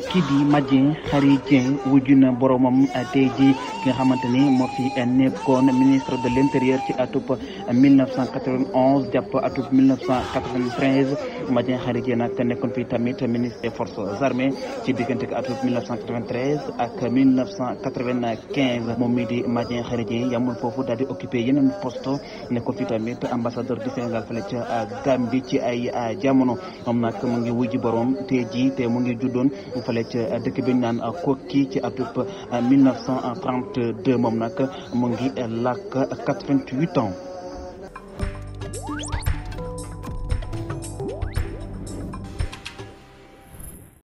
kii di Madjeng Khary Dieng wujju na boromam eh, tey ji ki nga xamante ni moo fi eh, nekkoon ministre de l'intérieur ci atub 1991 eh, jàpp atub 1993 Madjeng Khary Dieng nag nekkoon fi tamit ministre des forces armées ci diggante ak atub 1993 ak 1995 moom mii di Madjeng Khary Dieng yamul foofu daal di occupé yeneen poste nekkoon fi tamit ambassadeur du Sénégal fële ca Gambie ci ay jamono moom nag mu ngi wujju borom tey ji te mu ngi juddoon fale ca dëkk bi ñu naan Kokki ci atub 1932 euh, moom nag mu ngi euh, làkk 88 ans.